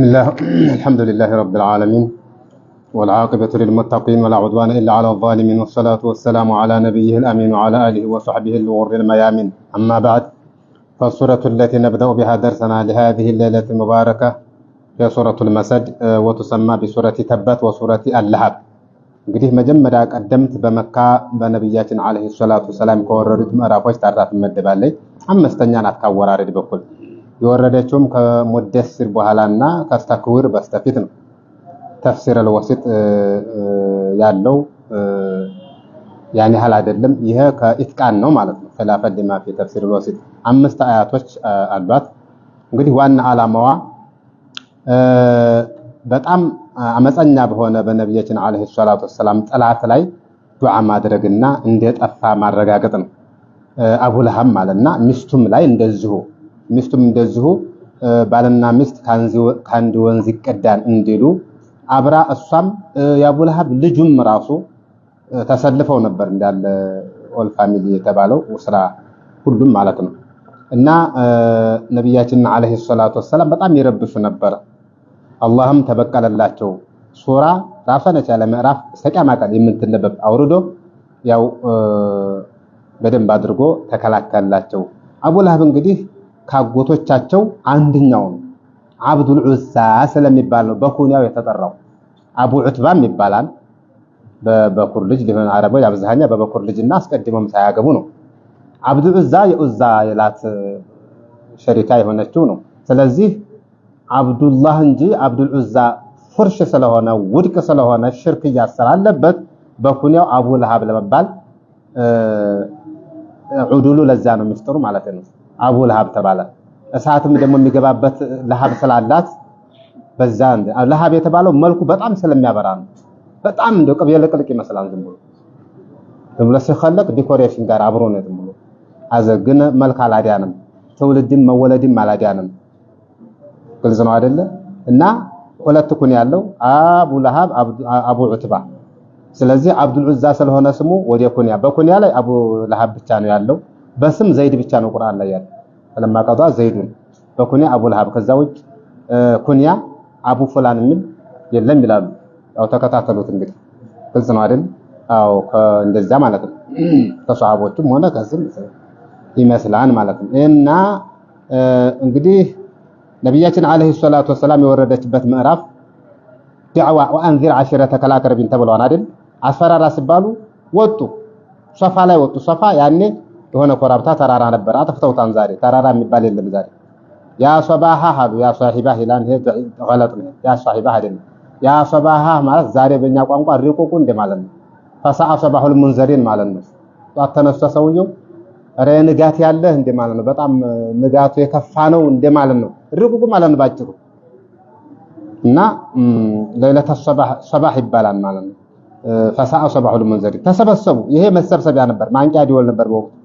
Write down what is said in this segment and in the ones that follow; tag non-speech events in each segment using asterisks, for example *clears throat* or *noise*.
بسم الله *clears throat* الحمد لله رب العالمين والعاقبة للمتقين ولا عدوان إلا على الظالمين والصلاة والسلام على نبيه الأمين وعلى آله وصحبه الغر الميامين أما بعد فالسورة التي نبدأ بها درسنا لهذه الليلة المباركة هي سورة المسد آه، وتسمى بسورة تبت وسورة اللهب እንግዲህ መጀመሪያ ቀደምት በመካ በነቢያችን አለይሂ ሰላቱ ሰላም ከወረዱት ምዕራፎች ተራ ትመደባለች። አምስተኛ ናት ካወራረድ በኩል የወረደችውም ከሙደስር በኋላ እና ከስተክዊር በስተፊት ነው። ተፍሲር አልወሲጥ ያለው ያን ያህል አይደለም። ይሄ ከኢትቃን ነው ማለት ነው። ኺላፈን ዲማፊ ተፍሲር አልወሲጥ አምስት አያቶች አሏት። እንግዲህ ዋና ዓላማዋ በጣም አመፀኛ በሆነ በነቢያችን አለይሂ ሰላቱ ወሰላም ጠላት ላይ ዱዓ ማድረግና እንደጠፋ ማረጋገጥ ነው። አቡ ማለትና ሚስቱም ላይ እንደዚሁ ሚስቱም እንደዚሁ ባልና ሚስት ከአንድ ወንዝ ይቀዳል እንዲሉ አብራ እሷም የአቡልሃብ ልጁም ራሱ ተሰልፈው ነበር እንዳለ ኦል ፋሚሊ የተባለው ስራ ሁሉም ማለት ነው። እና ነቢያችን ዓለይሂ ሰላቱ ወሰላም በጣም ይረብሹ ነበር። አላህም ተበቀለላቸው። ሱራ ራሷን የቻለ ምዕራፍ ሰቂያማ ቀን የምትነበብ አውርዶ ያው በደንብ አድርጎ ተከላከላቸው። አቡልሃብ እንግዲህ ካጎቶቻቸው አንድኛው አብዱል ዑዛ ስለሚባል ነው በኩንያው የተጠራው። አቡ ዑትባም ይባላል። በበኩር ልጅ ሊሆን አረቦች አብዛኛ በበኩር ልጅና አስቀድሞም ሳያገቡ ነው። አብዱል ዑዛ የዑዛ የላት ሸሪካ የሆነችው ነው። ስለዚህ አብዱላህ እንጂ አብዱል ዑዛ ፉርሽ ስለሆነ ውድቅ ስለሆነ ሽርክ እያሰላለበት በኩንያው አቡ ለሃብ ለመባል ዑዱሉ ለዛ ነው የሚፍጠሩ ማለት ነው። አቡ ለሃብ ተባለ። እሳትም ደግሞ የሚገባበት ለሀብ ስላላት በዛ ለሃብ የተባለው መልኩ በጣም ስለሚያበራ ነው። በጣም እንደው ቅቤ የለቅልቅ ይመስላል። ዝም ብሎ ዝም ብሎ ሲከለቅ ዲኮሬሽን ጋር አብሮ ነው። ዝም ብሎ ግን መልክ አላዲያንም፣ ትውልድም መወለድም አላዲያንም። ግልጽ ነው አይደለ? እና ሁለት ኩን ያለው አቡ ለሃብ አቡ ዑትባ። ስለዚህ አብዱል ዑዛ ስለሆነ ስሙ ወደ ኩንያ በኩንያ ላይ አቡ ለሃብ ብቻ ነው ያለው። በስም ዘይድ ብቻ ነው ቁርአን ላይ ያለው። ፈለማ ዘይዱን በኩንያ አቡ ለሀብ፣ ከዛ ውጭ ኩንያ አቡ ፉላን የሚል የለም ይላሉ። ያው ተከታተሉት እንግዲህ ግልጽ ነው አይደል? አዎ እንደዛ ማለት ነው። ከሰሃቦቹም ሆነ ከስም ይመስላል ማለት ነው። እና እንግዲህ ነቢያችን አለይሂ ሰላቱ ወሰላም የወረደችበት ምዕራፍ ዳዕዋ ወአንዚር ዓሺረተከ አልአቅረቢን ተብለዋል አይደል? አስፈራራ ሲባሉ ወጡ፣ ሶፋ ላይ ወጡ። ሶፋ ያኔ የሆነ ኮረብታ ተራራ ነበር። አጥፍተውታን ዛሬ ተራራ የሚባል የለም ዛሬ። ያ ሶባሃ ሀዱ ያ ሷሂባ ሂላን ይሄ ገለጥ ነው። ያ ሷሂባ አይደለም። ያ ሶባሃ ማለት ዛሬ በእኛ ቋንቋ ሪቁቁ እንደ ማለት ነው። ፈሰዓ ሶባሁል ሙንዘሪን ማለት ነው። ጠዋት ተነስቶ ሰውየው ረ ንጋት ያለህ እንደ ማለት ነው። በጣም ንጋቱ የከፋ ነው እንደ ማለት ነው። ሪቁቁ ማለት ነው ባጭሩ። እና ለይለተ ሶባህ ይባላል ማለት ነው። ፈሰዓ ሶባሁል ሙንዘሪን ተሰበሰቡ። ይሄ መሰብሰቢያ ነበር። ማንቂያ ዲወል ነበር በወቅቱ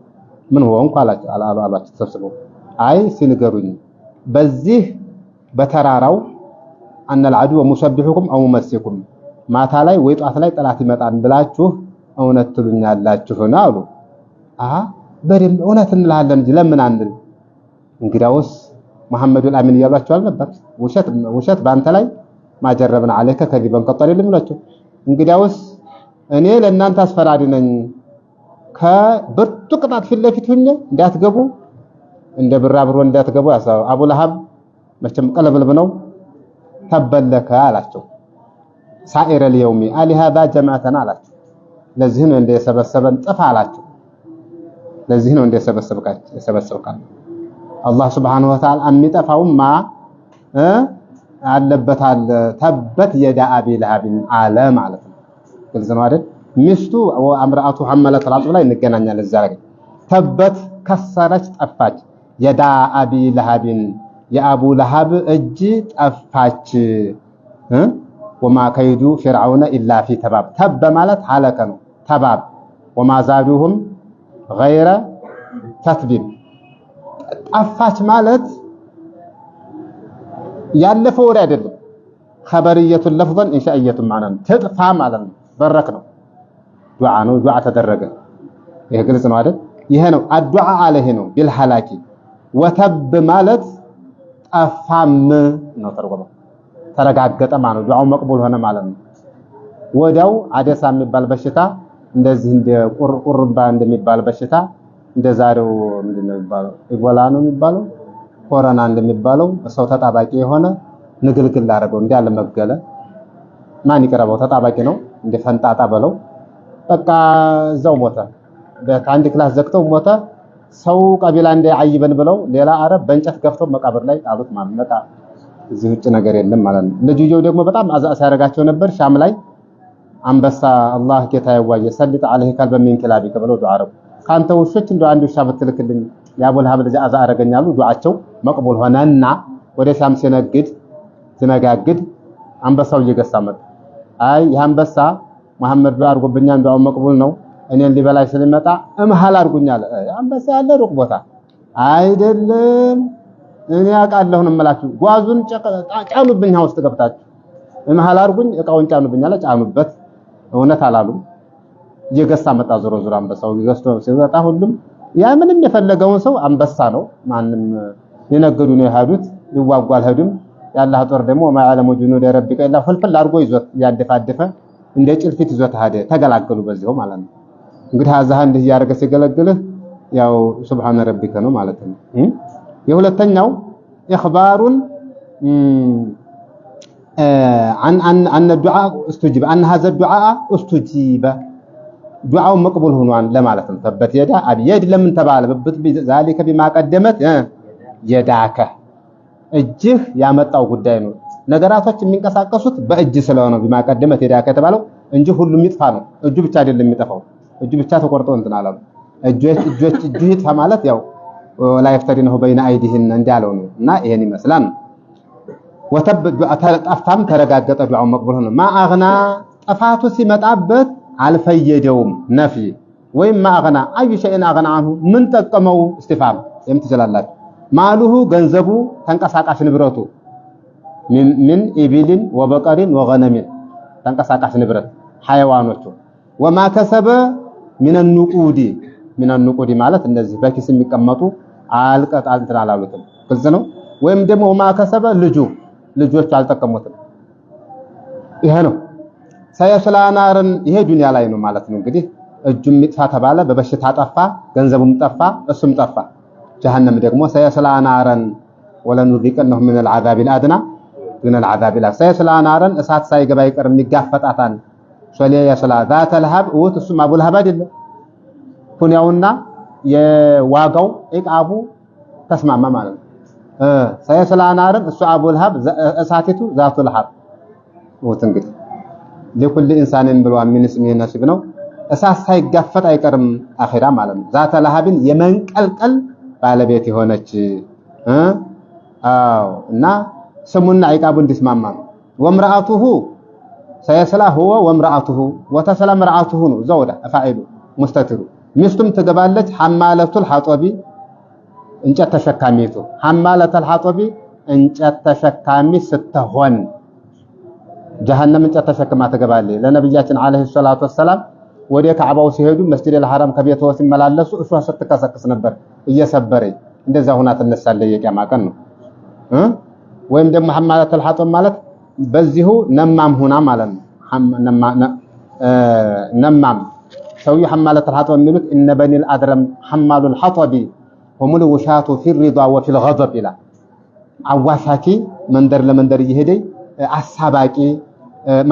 ምን ሆንኩ አሏቸው ተሰብስበው። አይ ሲንገሩኝ በዚህ በተራራው አዱ ሙሰቢሑኩም አው ሙመሲኩም ማታ ላይ ወይ ጧት ላይ ጠላት ይመጣን ብላችሁ እውነት ትሉኛላችሁና አሉ። አሀ በደምብ እውነት እንልሃለን እንጂ ለምን አንል። እንግዳውስ መሐመዱ አሚን እያሏቸው አልነበር? ውሸት ውሸት በአንተ ላይ ማጀረብን አለከ ከዚህ በንቀጠል ይላቸው። እንግዳውስ እኔ ለእናንተ አስፈራሪ ነኝ ከብርቱ ቅጣት ፊት ለፊት ሁኜ እንዳትገቡ እንደ ብር አብሮ እንዳትገቡ ያሳው አቡ ለሀብ መቼም ቀለብልብ ነው። ተበለከ አላቸው። ሳኢረ ልየውሚ አሊሃዛ ጀማዕተና አላቸው። ለዚህ ነው እንደሰበሰበን ጥፋ አላቸው። ለዚህ ነው እንደሰበሰብካቸው አላህ ሱብሓነሁ ወተዓላ የሚጠፋውማ አለበታል። ተበት የዳ አቢ ለሀብን አለ ማለት ነው። ግልጽ ነው አይደል? ሚስቱ አምራአቱ ሐመለት አልዓጽብ ላይ እንገናኛለን። እዛ ተበት ከሰረች ጠፋች፣ የዳ አቢ ለሃብን የአቡ ለሃብ እጅ ጠፋች። ወማ ከይዱ ፊርዓውነ ኢላ ፊ ተባብ። ተበ ማለት ሀለከ ነው፣ ተባብ። ወማ ዛዱሁም ገይረ ተትቢብ። ጠፋች ማለት ያለፈ ወሬ አይደለም። ኸበርየቱን ለፍዘን ኢንሻእየቱን ማለት ነው። ትጥፋ ማለት ነው፣ በረክ ነው ዱዓ ነው። ዱዓ ተደረገ። ይሄ ግልጽ ነው አይደል? ይሄ ነው አዱዓ አለህ ነው ቢልሐላኪ ወተብ ማለት ጠፋም ነው ተርጎመው ተረጋገጠ ማለት ነው። ዱዓው መቅቡል ሆነ ማለት ነው። ወዲያው አደሳ የሚባል በሽታ እንደዚህ እንደ ቁርቁርባ እንደሚባል በሽታ እንደዛሬው ምንድን ነው የሚባለው ኢቦላ ነው የሚባለው ኮሮና እንደሚባለው ሰው ተጣባቂ የሆነ ንግልግል አደረገው እንዲያለ መገለ ማን ይቀረበው? ተጣባቂ ነው እንደ ፈንጣጣ በለው በቃ እዛው ሞተ። ከአንድ ክላስ ዘግተው ሞተ። ሰው ቀቢላ አይበን ብለው ሌላ አረብ በእንጨት ገፍተው መቃብር ላይ ጣሉት። ማለት እዚህ ውጭ ነገር የለም ማለት ነው። ልጅየው ደግሞ በጣም አዛ ሲያደርጋቸው ነበር። ሻም ላይ አንበሳ አላህ ጌታ ያዋየ ሰልጥ አለህ ካል በሚንኪላቢ ብለው ዱዓ አረጉ። ካንተ ውሾች እንደው አንድ ውሻ ብትልክልኝ የአቡልሃብ ልጅ አዛ አረገኛሉ። ዱዓቸው መቅቡል ሆነና ወደ ሻም ሲነግድ ሲነጋግድ አንበሳው እየገሳ መጣ። አይ ያንበሳ መሐመድ ዱዓ አድርጎብኛል፣ ዱዓው መቅቡል ነው። እኔን ሊበላይ ስለመጣ እምሃል አድርጉኛል። አንበሳ ያለ ሩቅ ቦታ አይደለም። እኔ አውቃለሁ ነው የምላችሁ። ጓዙን ጫኑብኝ፣ ውስጥ ገብታችሁ እምሃል አድርጉኝ፣ እቃውን ጫኑብኝ አለ። ጫኑበት፣ እውነት አላሉ። እየገሳ መጣ። ዞሮ ዞሮ አንበሳው ገዝቶ ሲመጣ ሁሉም ያ ምንም የፈለገውን ሰው አንበሳ ነው። ማንም ሊነገዱ ነው የሄዱት፣ ሊዋጉ አልሄዱም። ያላህ ጦር ደግሞ ማዓለሙ ጁኑደ ረቢቀ ኢላ ፍልፍል አድርጎ ይዞት እያደፋደፈ እንደ ጭልፊት ይዞ ተሃደ ተገላገሉ። በዚያው ማለት ነው እንግዲህ አዛህ እንዲህ እያደረገ ሲገለግልህ ያው ሱብሃነ ረቢከ ነው ማለት ነው። የሁለተኛው ኢኽባሩን አን አን አን ዱዓ እስቱጂበ አን ሀዘ ዱዓ እስቱጂበ ዱዓው መቅቡል ሆኗን ለማለት ነው። ተበት የዳ አብየድ ለምን ተባለ? በበት ዛሊከ ቢማ ቀደመት የዳከ እጅህ ያመጣው ጉዳይ ነው። ነገራቶች የሚንቀሳቀሱት በእጅ ስለሆነ ቢማ ቀደመት ሄዳ ከተባለው እንጂ ሁሉም ይጥፋ ነው። እጁ ብቻ አይደለም የሚጠፋው። እጁ ብቻ ተቆርጦ እንትን አላሉ። እጆች እጁ ይጥፋ ማለት ያው ነው በይነ አይዲህን እንዳለው ነው። እና ይሄን ይመስላል። ወተብ ጠፍታም ተረጋገጠ ዱዓው መቅቡል ነው። ማአግና ጠፋቱ ሲመጣበት አልፈየደውም ነፊ ወይም ማአግና አይ ሸይን አግና አንሁ ምን ጠቀመው? እስቲፋም የምትችላላችሁ ማሉሁ ገንዘቡ ተንቀሳቃሽ ንብረቱ ሚን ኢቢልን ወበቀሪን ወገነሚን ተንቀሳቃሽ ንብረት ሐይዋኖቹ ወማ ከሰበ ሚነ ንቁዲ ሚነ ንቁዲ ማለት እነዚህ በኪስ የሚቀመጡ አልቀጥ እንትን አላሉትም። ግልጽ ነው። ወይም ደግሞ ወማ ከሰበ ልጁ ልጆቹ አልጠቀሙትም። ይሄ ነው ሰየስላ ናርን። ይሄ ዱንያ ላይ ነው ማለት ነው እንግዲህ እጁም ይጥፋ ተባለ፣ በበሽታ ጠፋ፣ ገንዘቡም ጠፋ፣ እሱም ጠፋ። ጀሀነም ደግሞ ሰየስላ ናረን ወለኑዚቀነሁ ሚነል ዐዛቢል አድና ሚነል ዓዛብ ይላል። ሰየስላናረን እሳት ሳይገባ አይቀርም ይጋፈጣታል። ሶሊያ የስላ ዛተ ልሃብ እውት እሱም አቡልሃብ አይደለም። ሁኔውና የዋጋው ዕቃቡ ተስማማ ማለት ነው። ሰየስላናረን እሱ አቡልሃብ እሳቲቱ ዛቱ ልሃብ እውት እንግዲህ ሊኩል ኢንሳንን ብለዋል። ምን ስም ነሲብ ነው። እሳት ሳይጋፈጥ አይቀርም አኺራ ማለት ነው። ዛተ ልሃብን የመንቀልቀል ባለቤት የሆነች አዎ እና ስሙና ዒቃቡ እንዲስማማ ነው። ወምርአቱሁ ሰየስላ ሁወ ወምርአቱሁ ወተስላ ምርአቱሁ ነው። ዘውዳ ፋዒሉ ሙስተትሩ ሚስቱም ትገባለች። ሐማለቱል ሐጦቢ እንጨት ተሸካሚቱ ሐማለተል ሐጦቢ እንጨት ተሸካሚ ስትሆን ጀሃነም እንጨት ተሸክማ ትገባለች። ለነብያችን ዓለይሂ ሰላቱ ወሰላም ወደ ከዕባው ሲሄዱ መስጂድል ሐራም ከቤት ሲመላለሱ እሷ ስትከሰክስ ነበር እየሰበረኝ እንደዛ ሁና ትነሳለች። የቂያማ ቀን ነው። ወይም ደግሞ ሐማለተል ሐጠብ ማለት በዚሁ ነማም ሆና ማለት ነው። ነማም ሰውዬው ሐማለተል ሐጠብ የሚሉት እነ በኒል አድረም ሐማሉል ሐጠቢ ሁሙል ውሻቱ ፊል ሪዷ ወፊል ገዘብ ይላል። አዋሳኪ መንደር ለመንደር እየሄደ አሳባቂ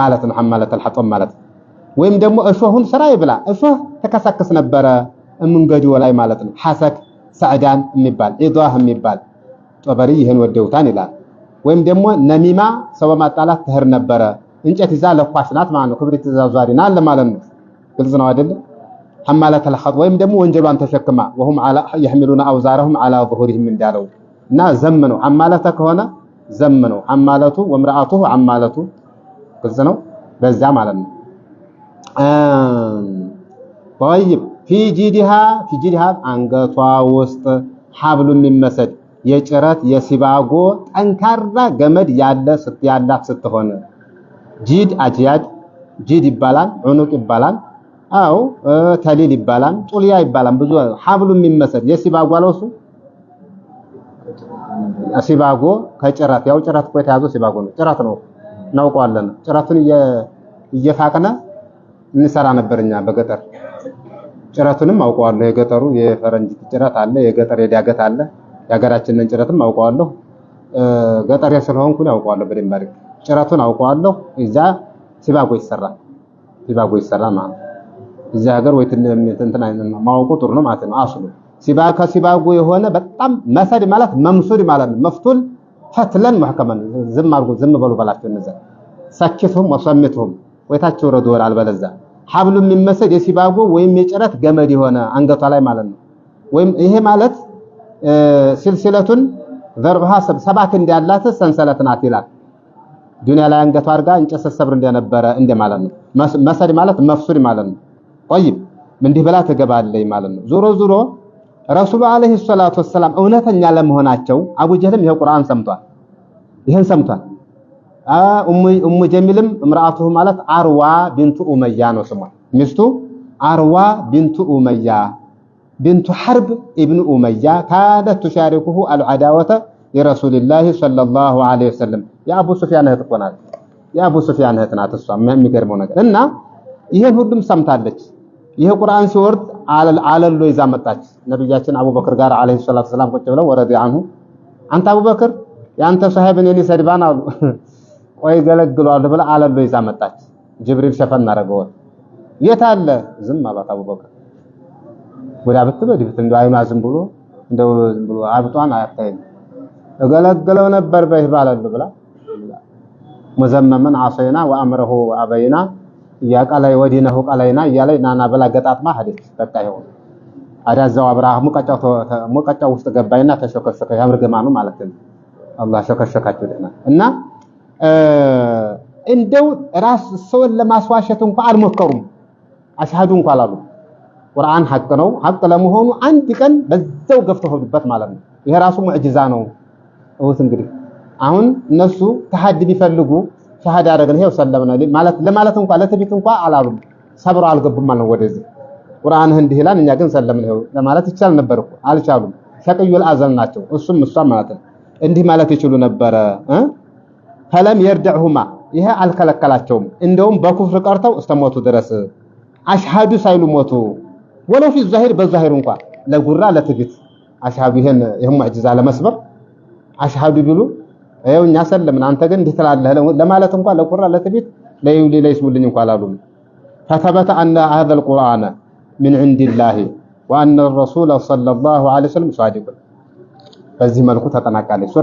ማለት ነው። ሐማለተል ሐጠብ ማለት ወይም ደግሞ እሾሁን ስራ ይብላ እሾህ ተከሳክስ ነበረ እምንገዲው ላይ ማለት ነው። ሐሰክ ሰዕዳን የሚባል ኢዷህ የሚባል ጦበሪ ይህን ወደውታን ይላል። ወይም ደግሞ ነሚማ ሰው በማጣላት ትህር ነበረ። እንጨት ይዛ ለኳስ ናት ማለት ነው። ክብሪት ይዛ ዟሪ ናት ነው። ግልጽ ነው አይደል? ሐማላት አልሐጥ ወይም ደግሞ ወንጀሏን ተሸክማ ወሁም አላ ይህሚሉና አውዛረሁም አላ ዙሁሪሂም እንዳለው እና ዘም ነው። ሐማላተ ከሆነ ዘም ነው። ሐማለቱ ወምራአቱ ሐማለቱ ግልጽ ነው። በዛ ማለት ነው። طيب في جيدها في جيدها አንገቷ ውስጥ ሐብሉ የሚመሰድ የጭረት የሲባጎ ጠንካራ ገመድ ያለ ያላት ስትሆን ጂድ አጂያድ ጂድ ይባላል፣ ዑኑቅ ይባላል፣ አው ተሊል ይባላል፣ ጡልያ ይባላል። ብዙ ሀብሉ የሚመሰል የሲባጎ አለሱ ሲባጎ ከጭረት ያው ጭረት እኮ የተያዘው ሲባጎ ነው። ጭረት ነው እናውቀዋለን። ጭረቱን እየፋቅነ እንሰራ ነበርኛ በገጠር ጭረቱንም አውቀዋለሁ። የገጠሩ የፈረንጅ ጭረት አለ፣ የገጠር የዳገት አለ። የሀገራችንን ጭረትም አውቀዋለሁ። ገጠር ስለሆንኩኝ አውቀዋለሁ በደንብ አድርጌ ጭረቱን አውቀዋለሁ። እዛ ሲባጎ ይሰራ ሲባጎ ይሰራ ማለት ነው። እዚህ ሀገር ወይ እንትን ማወቁ ጥሩ ነው ማለት ነው። አስሉ ሲባ ከሲባጎ የሆነ በጣም መሰድ ማለት መምሱድ ማለት ነው። መፍቱል ፈትለን መሐከመን ዝም አድርጎ ዝም በሉ በላቸው። እነዛ ሰኪትሁም ወሰምትሁም ወይታቸው ረዶር አልበለዛ ሀብሉ የሚመስል የሲባጎ ወይም የጭረት ገመድ የሆነ አንገቷ ላይ ማለት ነው። ወይም ይሄ ማለት ሲልሲለቱን ዘርብሃ ሰባት እንዳላት ሰንሰለት ናት ይላል። ዱንያ ላይ አንገቷ አድርጋ እንጨት ስትሰብር እንደነበረ እንደማለት ነው። መሰድ ማለት መፍሱድ ማለት ነው። ቆይም እንዲህ ብላ ትገባለች ማለት ነው። ዞሮ ዞሮ ረሱሉ አለይሂ ሰላቱ ወሰላም እውነተኛ ለመሆናቸው አቡጀህልም ይሄ ቁርአን ሰምቷል፣ ይሄን ሰምቷል። እሙ ጀሚልም እምራአቱሁ ማለት አርዋ ቢንቱ ኡመያ ነው ስሟ። ሚስቱ አርዋ ቢንቱ ኡመያ ብንቱ ሐርብ ኢብኑ ኡመያ ካነት ቱሻሪኩሁ አልዓዳወተ የረሱልላህ ሰለላሁ ዐለይሂ ወሰለም የአቡ ሱፊያን እህት እኮ ናት። የአቡ ሱፊያን እህት ናት። እሷ የሚገርመው ነገር እና ይሄን ሁሉም ሰምታለች። ይሄ ቁርአን ሲወርድ አለሎ ይዛ መጣች። ነብያችን አቡበክር ጋር ዐለይሂ ሰላቱ ወሰላም ቁጭ ብለው ወረዲ አንሁ አንተ አቡበክር የአንተ ሰሃብ እኔን ይሰድባን አሉ። ቆይ ገለግሏል ብላ አለሎ ይዛ መጣች። ጅብሪል ሸፈን አደረገው። የት አለ? ዝም አሏት አቡበክር ወዳ ብትበድብት እንደው አይኗ ዝም ብሎ እንደው ዝም ብሎ አብጧን አያታይም። እገለገለው ነበር በህ ባለሉ ብላ ሙዘመመን አሰይና ወአምረሁ አበይና እያቀላይ ወዲነሁ ቀላይና እያለይ ናና ብላ ገጣጥማ ሄደች። በቃ ይሆን አዳዛው አብርሃም ሙቀጫው ውስጥ ገባይና ተሸከሸከ። ያምርገማኑ ማለት ነው። አላህ ሸከሸካቸው ደና እና እንደው ራስ ሰውን ለማስዋሸት እንኳን አልሞከሩም። አሽሃዱ እንኳን አላሉ ቁርአን ሐቅ ነው። ሐቅ ለመሆኑ አንድ ቀን በዛው ገፍተው ሆዱበት ማለት ነው። ይሄ ራሱ ሙዕጂዛ ነው። እውት እንግዲህ አሁን እነሱ ተሐድ ቢፈልጉ ሸሃዳ አደረግን ይሄው ሰለምና ማለት ለማለት እንኳን ለትቢት እንኳን አላሉም። ሰብረው አልገቡም ማለት ነው። ወደዚህ ቁርአንህ እንዲህ ይላል፣ እኛ ግን ሰለምና ይሄው ለማለት ይቻል ነበር እኮ አልቻሉም። ሸቅዩል አዘል ናቸው እሱም እሷም ማለት ነው። እንዲህ ማለት ይችሉ ነበረ። ፈለም የርደዕሁማ ይሄ አልከለከላቸውም። እንደውም በኩፍር ቀርተው እስተሞቱ ድረስ አሽሃዱ ሳይሉ ሞቱ። ወለው ፊ ዛሂር በዛሂር እንኳ ለጉራ ለትዕቢት አሽሃዱ ይሄን ይሄን ሙዕጂዛ ለመስበር አሽሃዱ ቢሉ ይኸው እኛ ሰለምን አንተ ግን እንዲህ ትላለህ ለማለት እንኳ ለጉራ ለትዕቢት ለይውሊ ለይስሙልኝ እንኳ አላሉም። ፈተበተ አነ ሀዘል ቁርአነ ሚን ዒንዲላሂ ወአነ ረሱለ ሰለላሁ ዐለይሂ ወሰለም ሳዲቁን። በዚህ መልኩ ተጠናቃለች።